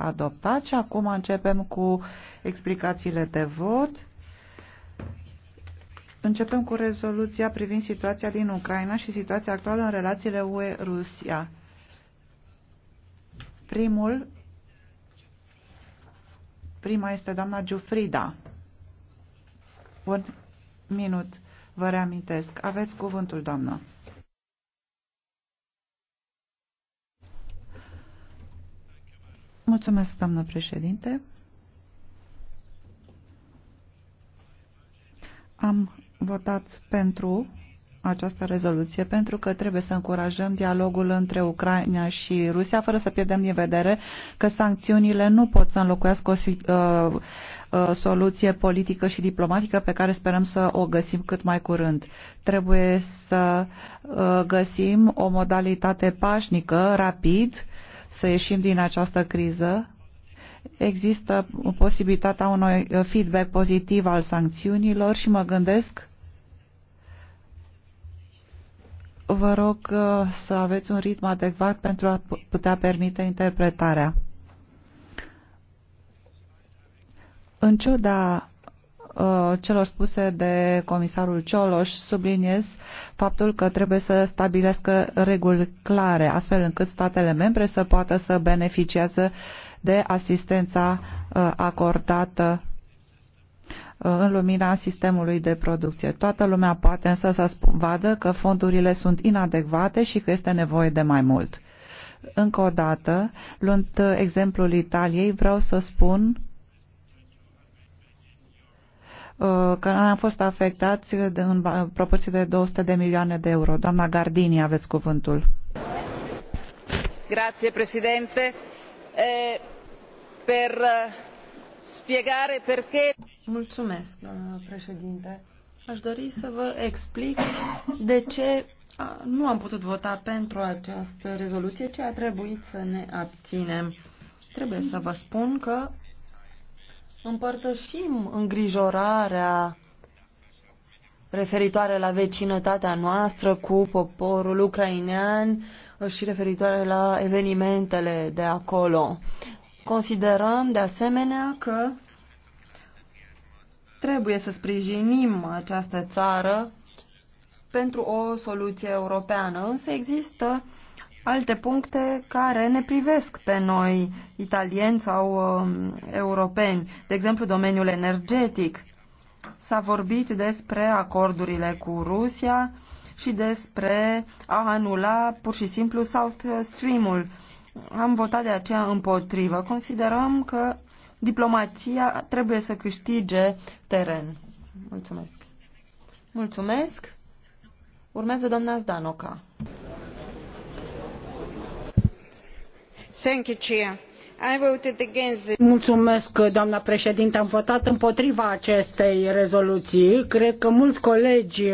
adoptat și acum începem cu explicațiile de vot. Începem cu rezoluția privind situația din Ucraina și situația actuală în relațiile UE-Rusia. Primul, prima este doamna Giufrida. Un minut, vă reamintesc. Aveți cuvântul, doamnă. Mulțumesc, doamnă președinte. Am votat pentru această rezoluție pentru că trebuie să încurajăm dialogul între Ucraina și Rusia fără să pierdem din vedere că sancțiunile nu pot să înlocuiască o uh, uh, soluție politică și diplomatică pe care sperăm să o găsim cât mai curând. Trebuie să uh, găsim o modalitate pașnică, rapid, să ieșim din această criză. Există posibilitatea unui feedback pozitiv al sancțiunilor și mă gândesc vă rog uh, să aveți un ritm adecvat pentru a putea permite interpretarea. În ciuda Uh, celor spuse de comisarul Cioloș, subliniez faptul că trebuie să stabilească reguli clare, astfel încât statele membre să poată să beneficiază de asistența uh, acordată uh, în lumina sistemului de producție. Toată lumea poate însă să vadă că fondurile sunt inadecvate și că este nevoie de mai mult. Încă o dată, luând exemplul Italiei, vreau să spun care am fost afectați de, în proporție de 200 de milioane de euro. Doamna Gardini, aveți cuvântul. Grazie, Presidente. E, per uh, spiegare perché... Mulțumesc, doamna președinte. Aș dori să vă explic de ce nu am putut vota pentru această rezoluție, ce a trebuit să ne abținem. Trebuie să vă spun că Împărtășim îngrijorarea referitoare la vecinătatea noastră cu poporul ucrainean și referitoare la evenimentele de acolo. Considerăm de asemenea că trebuie să sprijinim această țară pentru o soluție europeană, însă există alte puncte care ne privesc pe noi, italieni sau um, europeni, de exemplu domeniul energetic. S-a vorbit despre acordurile cu Rusia și despre a anula pur și simplu South Stream-ul. Am votat de aceea împotrivă. Considerăm că diplomația trebuie să câștige teren. Mulțumesc. Mulțumesc. Urmează doamna Zdanoca. Mulțumesc, doamna președinte. Am votat împotriva acestei rezoluții. Cred că mulți colegi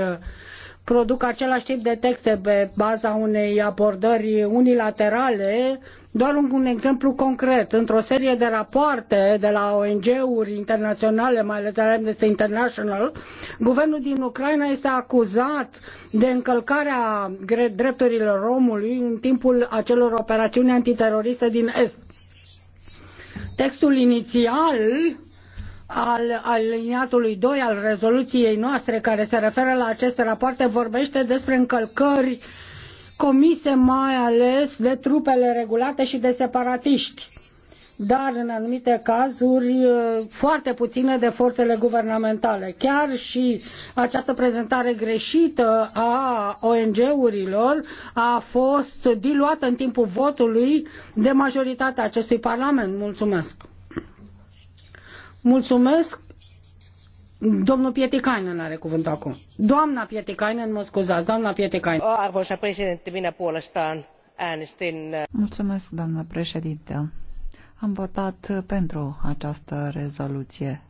produc același tip de texte pe baza unei abordări unilaterale doar un exemplu concret, într-o serie de rapoarte de la ONG-uri internaționale, mai ales de la Amnesty International, guvernul din Ucraina este acuzat de încălcarea drepturilor omului în timpul acelor operațiuni antiteroriste din Est. Textul inițial al aliniatului 2 al rezoluției noastre care se referă la aceste rapoarte vorbește despre încălcări uh, comise mai ales de trupele regulate și de separatiști, dar în anumite cazuri foarte puține de forțele guvernamentale. Chiar și această prezentare greșită a ONG-urilor a fost diluată în timpul votului de majoritatea acestui Parlament. Mulțumesc! Mulțumesc! Domnul Pietikainen are cuvântul acum. Doamna Pietikainen, mă scuzați, doamna Pietikainen. Arvoisa președinte, minä puolestaan äänestin... Mulțumesc, doamna președinte. Am votat pentru această rezoluție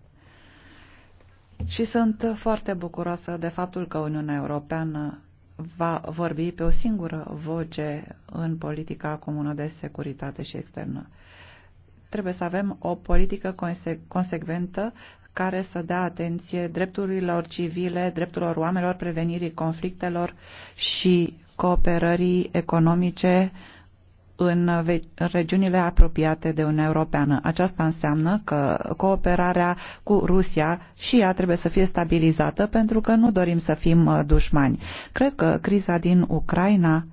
și sunt foarte bucuroasă de faptul că Uniunea Europeană va vorbi pe o singură voce în politica comună de securitate și externă. Trebuie să avem o politică conse consecventă care să dea atenție drepturilor civile, drepturilor oamenilor, prevenirii conflictelor și cooperării economice în regiunile apropiate de Uniunea Europeană. Aceasta înseamnă că cooperarea cu Rusia și ea trebuie să fie stabilizată pentru că nu dorim să fim uh, dușmani. Cred că criza din Ucraina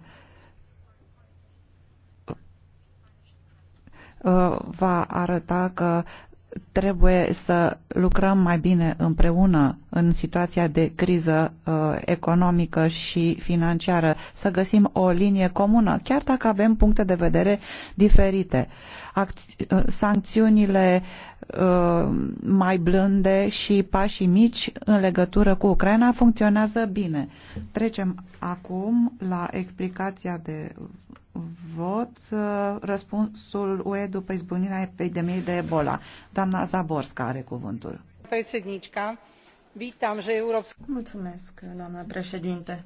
uh, va arăta că trebuie să lucrăm mai bine împreună în situația de criză uh, economică și financiară, să găsim o linie comună, chiar dacă avem puncte de vedere diferite. Acți- uh, sancțiunile uh, mai blânde și pașii mici în legătură cu Ucraina funcționează bine. Trecem acum la explicația de vot uh, răspunsul UE după izbunirea epidemiei de Ebola. Doamna Zaborska are cuvântul. Predsednička, vitam, že Mulțumesc, doamna președinte.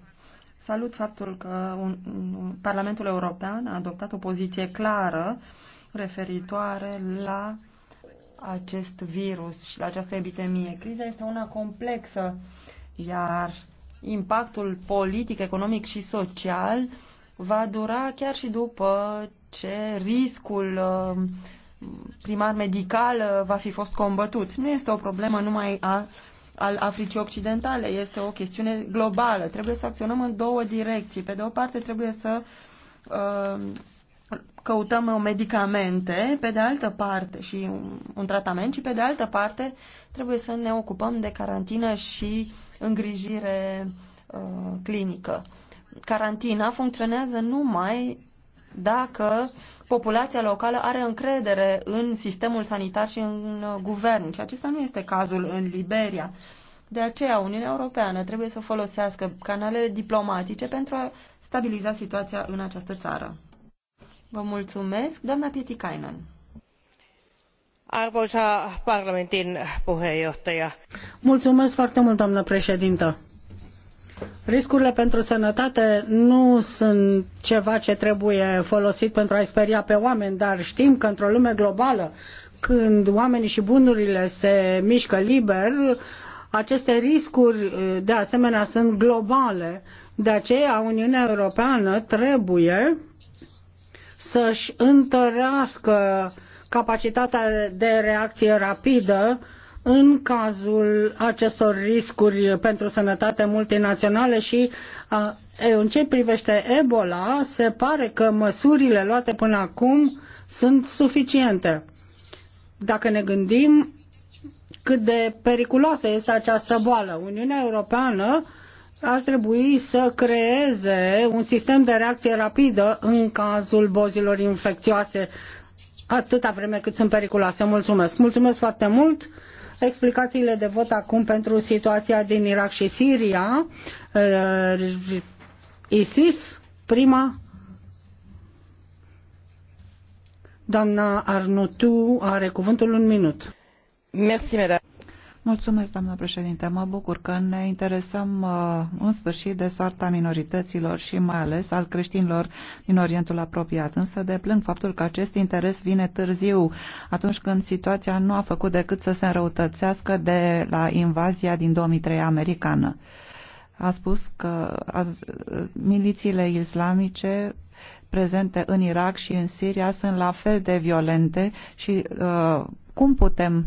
Salut faptul că un, un, Parlamentul European a adoptat o poziție clară referitoare la acest virus și la această epidemie. Criza este una complexă, iar impactul politic, economic și social va dura chiar și după ce riscul uh, primar medical uh, va fi fost combătut. Nu este o problemă numai a, al Africii Occidentale, este o chestiune globală. Trebuie să acționăm în două direcții. Pe de o parte trebuie să uh, căutăm medicamente, pe de altă parte și un, un tratament și pe de altă parte trebuie să ne ocupăm de carantină și îngrijire uh, clinică carantina funcționează numai dacă populația locală are încredere în sistemul sanitar și în guvern. Și acesta nu este cazul în Liberia. De aceea, Uniunea Europeană trebuie să folosească canalele diplomatice pentru a stabiliza situația în această țară. Vă mulțumesc, doamna Pietikainen. Arvoisa parlamentin puheenjohtaja. Mulțumesc foarte mult, doamnă președintă Riscurile pentru sănătate nu sunt ceva ce trebuie folosit pentru a-i speria pe oameni, dar știm că într-o lume globală, când oamenii și bunurile se mișcă liber, aceste riscuri de asemenea sunt globale. De aceea Uniunea Europeană trebuie să-și întărească capacitatea de reacție rapidă în cazul acestor riscuri pentru sănătate multinaționale și în ce privește Ebola, se pare că măsurile luate până acum sunt suficiente. Dacă ne gândim cât de periculoasă este această boală, Uniunea Europeană ar trebui să creeze un sistem de reacție rapidă în cazul bozilor infecțioase atâta vreme cât sunt periculoase. Mulțumesc! Mulțumesc foarte mult! Explicațiile de vot acum pentru situația din Irak și Siria. Uh, ISIS, prima. Doamna Arnutu are cuvântul un minut. Mersi, madame. Mulțumesc, doamnă președinte. Mă bucur că ne interesăm uh, în sfârșit de soarta minorităților și mai ales al creștinilor din Orientul apropiat. Însă deplâng faptul că acest interes vine târziu, atunci când situația nu a făcut decât să se înrăutățească de la invazia din 2003 americană. A spus că milițiile islamice prezente în Irak și în Siria sunt la fel de violente și uh, cum putem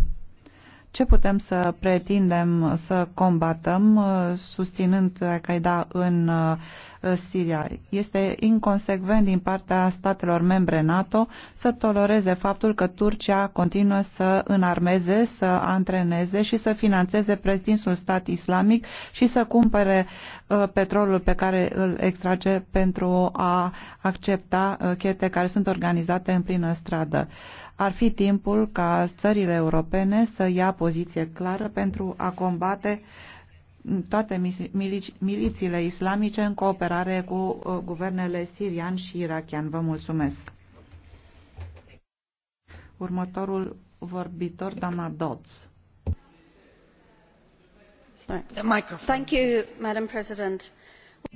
ce putem să pretindem să combatăm uh, susținând Al-Qaeda în uh, Uh, Siria. Este inconsecvent din partea statelor membre NATO să tolereze faptul că Turcia continuă să înarmeze, să antreneze și să financeze prezinsul stat islamic și să cumpere uh, petrolul pe care îl extrage pentru a accepta uh, chete care sunt organizate în plină stradă ar fi timpul ca țările europene să ia poziție clară pentru a combate toate milițiile islamice în cooperare cu uh, guvernele sirian și irachian. Vă mulțumesc. Următorul vorbitor, doamna Dodds. Thank you, Madam President.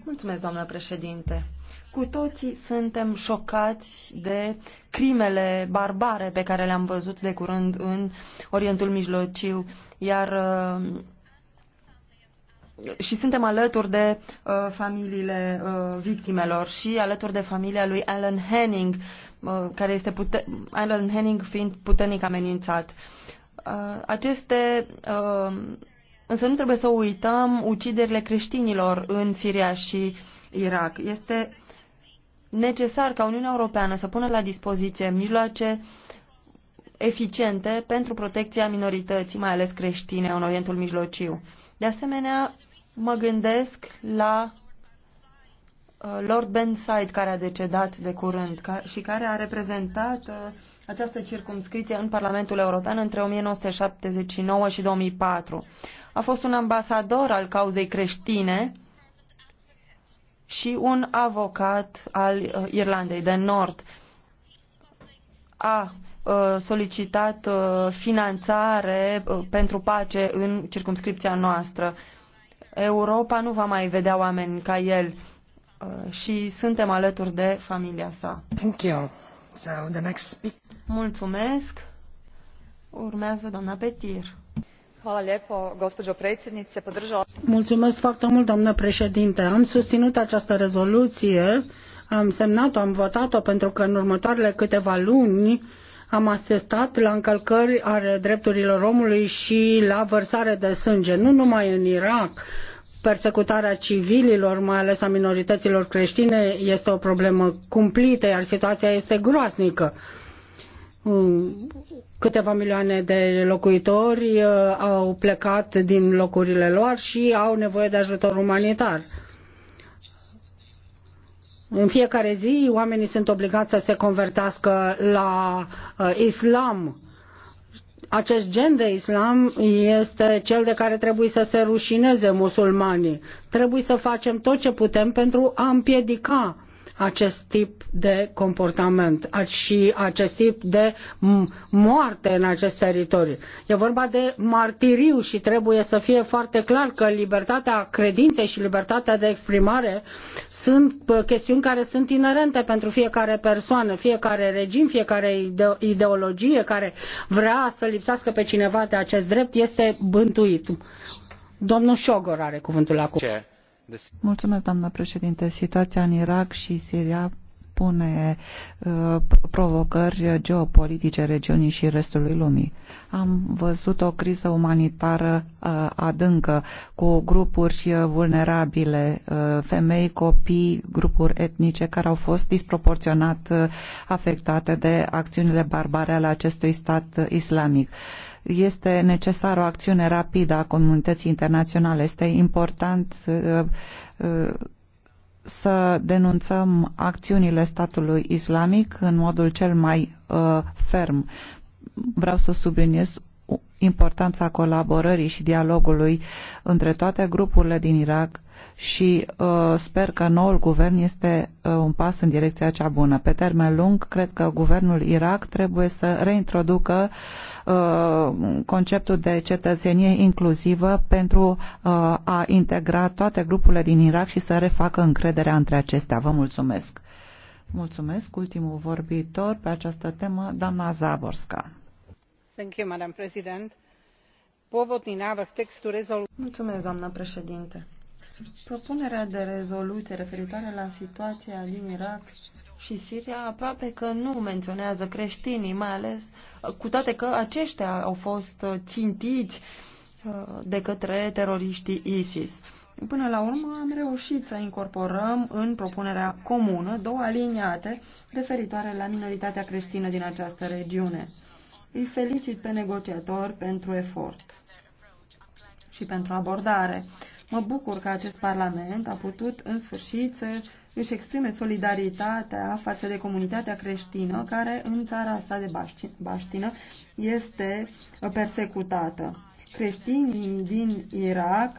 Mulțumesc, doamnă președinte. Cu toții suntem șocați de crimele barbare pe care le-am văzut de curând în Orientul Mijlociu, iar uh, și suntem alături de uh, familiile uh, victimelor și alături de familia lui Alan Henning, uh, care este pute- Alan Henning fiind puternic amenințat. Uh, aceste uh, însă nu trebuie să uităm uciderile creștinilor în Siria și Irak. Este necesar ca Uniunea Europeană să pună la dispoziție mijloace eficiente pentru protecția minorității, mai ales creștine, în Orientul Mijlociu de asemenea, mă gândesc la uh, Lord Benside, care a decedat de curând și care a reprezentat uh, această circumscriție în Parlamentul European între 1979 și 2004. A fost un ambasador al cauzei creștine și un avocat al uh, Irlandei de Nord. A Uh, solicitat uh, finanțare uh, pentru pace în circumscripția noastră. Europa nu va mai vedea oameni ca el și suntem alături de familia sa. Thank you. So the next speak... Mulțumesc. Urmează doamna Petir. Mulțumesc foarte mult, doamnă președinte. Am susținut această rezoluție, am semnat-o, am votat-o pentru că în următoarele câteva luni am asistat la încălcări ale drepturilor omului și la vărsare de sânge, nu numai în Irak, persecutarea civililor, mai ales a minorităților creștine, este o problemă cumplită, iar situația este groaznică. Mm, câteva milioane de locuitori uh, au plecat din locurile lor și au nevoie de ajutor umanitar. În fiecare zi oamenii sunt obligați să se convertească la uh, islam. Acest gen de islam este cel de care trebuie să se rușineze musulmanii. Trebuie să facem tot ce putem pentru a împiedica acest tip de comportament și acest tip de moarte în acest teritoriu. E vorba de martiriu și trebuie să fie foarte clar că libertatea credinței și libertatea de exprimare sunt uh, chestiuni care sunt inerente pentru fiecare persoană, fiecare regim, fiecare ideologie care vrea să lipsească pe cineva de acest drept este bântuit. Domnul Șogor are cuvântul acum. Mulțumesc, doamnă președinte. Situația în Irak și Siria pune uh, provocări geopolitice regiunii și restului lumii. Am văzut o criză umanitară uh, adâncă cu grupuri uh, vulnerabile, uh, femei, copii, grupuri etnice care au fost disproporționat uh, afectate de acțiunile barbare ale acestui stat islamic. Uh, este necesară o acțiune rapidă a comunității internaționale. Este important uh, uh, să denunțăm acțiunile statului islamic în modul cel mai uh, ferm. Vreau să subliniez importanța colaborării și dialogului între toate grupurile din Irak și uh, sper că noul guvern este uh, un pas în direcția cea bună. Pe termen lung, cred că guvernul Irak trebuie să reintroducă uh, conceptul de cetățenie inclusivă pentru uh, a integra toate grupurile din Irak și să refacă încrederea între acestea. Vă mulțumesc! Mulțumesc! Ultimul vorbitor pe această temă, doamna Zaborska. Thank you, Madam President. Povodni návrh textu rezolu. Mulțumesc, doamna președinte Propunerea de rezoluție referitoare la situația din Irak și Siria aproape că nu menționează creștinii, mai ales cu toate că aceștia au fost țintiți uh, de către teroriștii ISIS. Până la urmă am reușit să incorporăm în propunerea comună două aliniate referitoare la minoritatea creștină din această regiune. Îi felicit pe negociator pentru efort și pentru abordare. Mă bucur că acest Parlament a putut în sfârșit să își exprime solidaritatea față de comunitatea creștină care în țara sa de baștină este persecutată. Creștinii din Irak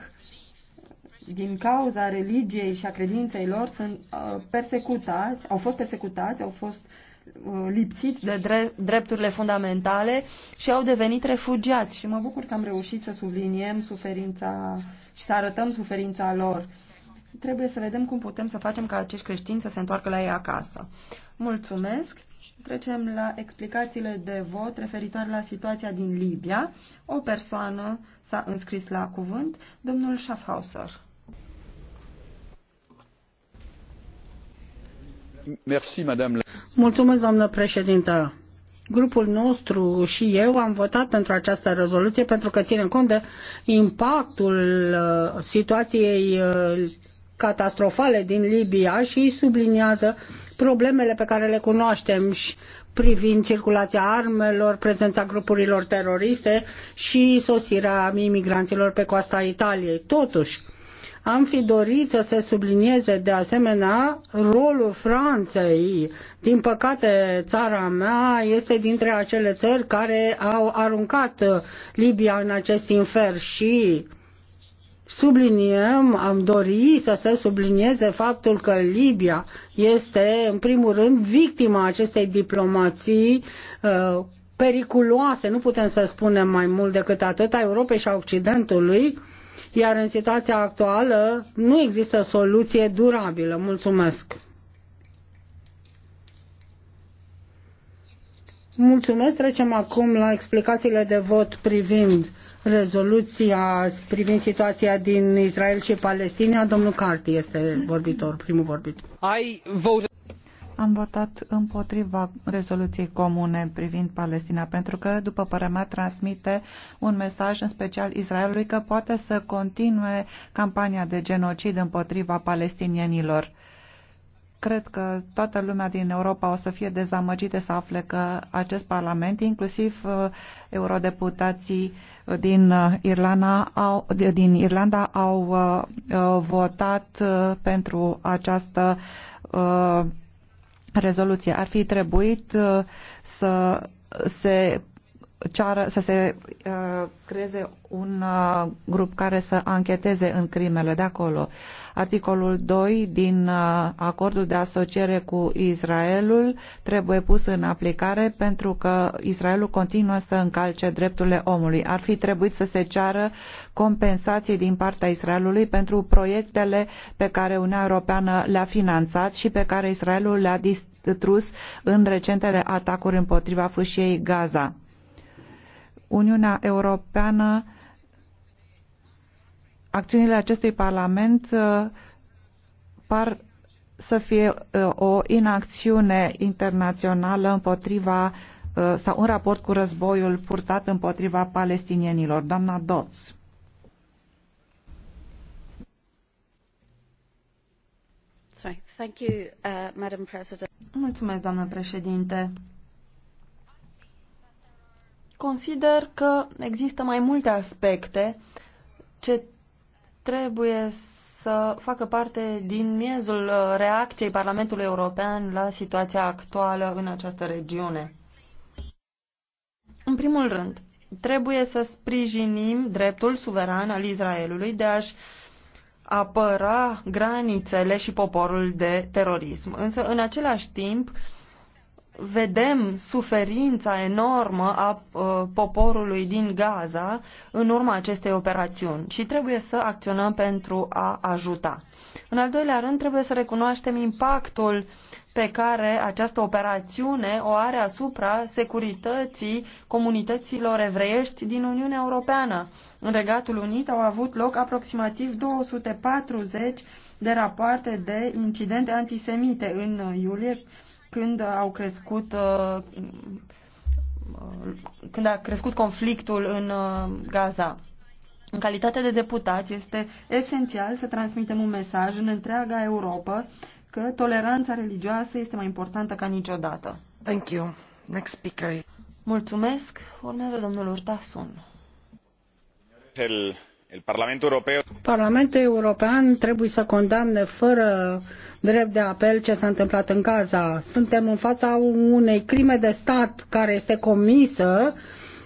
din cauza religiei și a credinței lor sunt uh, persecutați, au fost persecutați, au fost uh, lipsiți de drepturile fundamentale și au devenit refugiați. Și mă bucur că am reușit să subliniem suferința și să arătăm suferința lor. Trebuie să vedem cum putem să facem ca acești creștini să se întoarcă la ei acasă. Mulțumesc! Trecem la explicațiile de vot referitoare la situația din Libia. O persoană s-a înscris la cuvânt, domnul Schaffhauser. Mulțumesc, doamnă președintă. Grupul nostru și eu am votat pentru această rezoluție pentru că ținem cont de impactul uh, situației uh, catastrofale din Libia și subliniază problemele pe care le cunoaștem și privind circulația armelor, prezența grupurilor teroriste și sosirea imigranților pe coasta Italiei. Totuși, am fi dorit să se sublinieze de asemenea rolul Franței. Din păcate, țara mea este dintre acele țări care au aruncat Libia în acest infer și subliniem, am dorit să se sublinieze faptul că Libia este, în primul rând, victima acestei diplomații uh, periculoase, nu putem să spunem mai mult decât atât, a Europei și a Occidentului, iar în situația actuală nu există soluție durabilă. Mulțumesc! Mulțumesc. Trecem acum la explicațiile de vot privind rezoluția, privind situația din Israel și Palestina. Domnul Carti este vorbitor, primul vorbitor. I am votat împotriva rezoluției comune privind Palestina, pentru că, după părerea mea, transmite un mesaj în special Israelului că poate să continue campania de genocid împotriva palestinienilor. Cred că toată lumea din Europa o să fie dezamăgită să afle că acest parlament, inclusiv uh, eurodeputații uh, din Irlanda, au, din Irlanda, au votat uh, pentru această uh, rezoluție. Ar fi trebuit uh, să se ceară, să se uh, creeze un uh, grup care să ancheteze în crimele de acolo. Articolul 2 din uh, acordul de asociere cu Israelul trebuie pus în aplicare pentru că Israelul continuă să încalce drepturile omului. Ar fi trebuit să se ceară compensații din partea Israelului pentru proiectele pe care Uniunea Europeană le-a finanțat și pe care Israelul le-a distrus în recentele atacuri împotriva fâșiei Gaza Uniunea Europeană, acțiunile acestui Parlament uh, par să fie uh, o inacțiune internațională împotriva uh, sau un raport cu războiul purtat împotriva palestinienilor. Doamna Dodds. Sorry. Thank you, uh, Madam President. Mulțumesc, doamnă președinte. Consider că există mai multe aspecte ce trebuie să facă parte din miezul uh, reacției Parlamentului European la situația actuală în această regiune. În primul rând, trebuie să sprijinim dreptul suveran al Israelului de a-și apăra granițele și poporul de terorism. Însă, în același timp, uh, vedem suferința enormă a uh, poporului din Gaza în urma acestei operațiuni și trebuie să acționăm pentru a ajuta. În al doilea rând, trebuie să recunoaștem impactul pe care această operațiune o are asupra securității comunităților evreiești din Uniunea Europeană. În Regatul Unit au avut loc aproximativ 240 de rapoarte de incidente antisemite în iulie, când au crescut uh, uh, când a crescut conflictul în uh, Gaza. În calitate de deputați este esențial să transmitem un mesaj în întreaga Europa că toleranța religioasă este mai importantă ca niciodată. Thank you. Next speaker. Mulțumesc. Urmează domnul Urtasun. Parlamentul European trebuie să condamne fără drept de apel ce s-a întâmplat în Gaza. Suntem în fața unei crime de stat care este comisă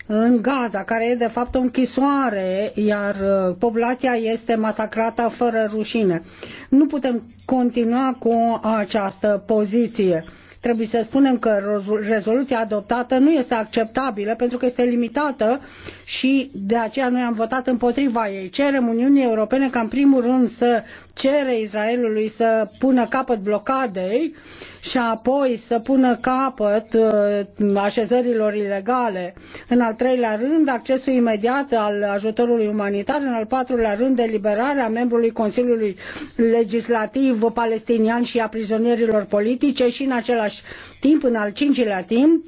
în Gaza, care e de fapt o închisoare, iar uh, populația este masacrată fără rușine. Nu putem continua cu această poziție Trebuie să spunem că rezoluția adoptată nu este acceptabilă pentru că este limitată și de aceea noi am votat împotriva ei. Cerem Uniunii Europene ca în primul rând să cere Israelului să pună capăt blocadei și apoi să pună capăt uh, așezărilor ilegale. În al treilea rând, accesul imediat al ajutorului umanitar. În al patrulea rând, eliberarea membrului Consiliului Legislativ palestinian și a prizonierilor politice și în același timp, în al cincilea timp,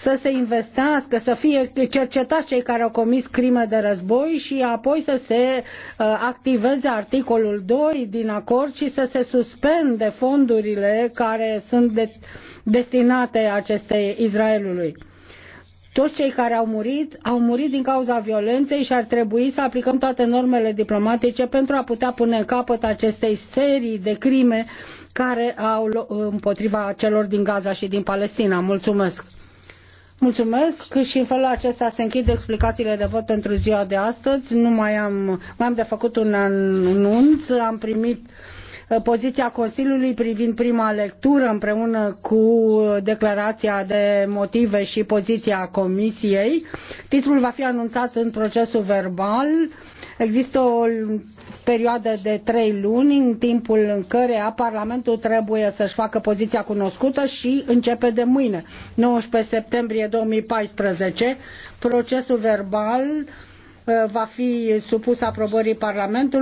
să se investească, să fie cercetați cei care au comis crime de război și apoi să se uh, activeze articolul 2 din acord și să se suspende fondurile care sunt de, destinate acestei Israelului. Toți cei care au murit, au murit din cauza violenței și ar trebui să aplicăm toate normele diplomatice pentru a putea pune în capăt acestei serii de crime care au împotriva celor din Gaza și din Palestina. Mulțumesc! Mulțumesc și în felul acesta se închid explicațiile de vot pentru ziua de astăzi. Nu mai am, mai am de făcut un anunț. Am primit uh, poziția Consiliului privind prima lectură împreună cu declarația de motive și poziția Comisiei. Titlul va fi anunțat în procesul verbal. Există o perioadă de trei luni în timpul în care Parlamentul trebuie să-și facă poziția cunoscută și începe de mâine, 19 septembrie 2014. Procesul verbal uh, va fi supus aprobării Parlamentului.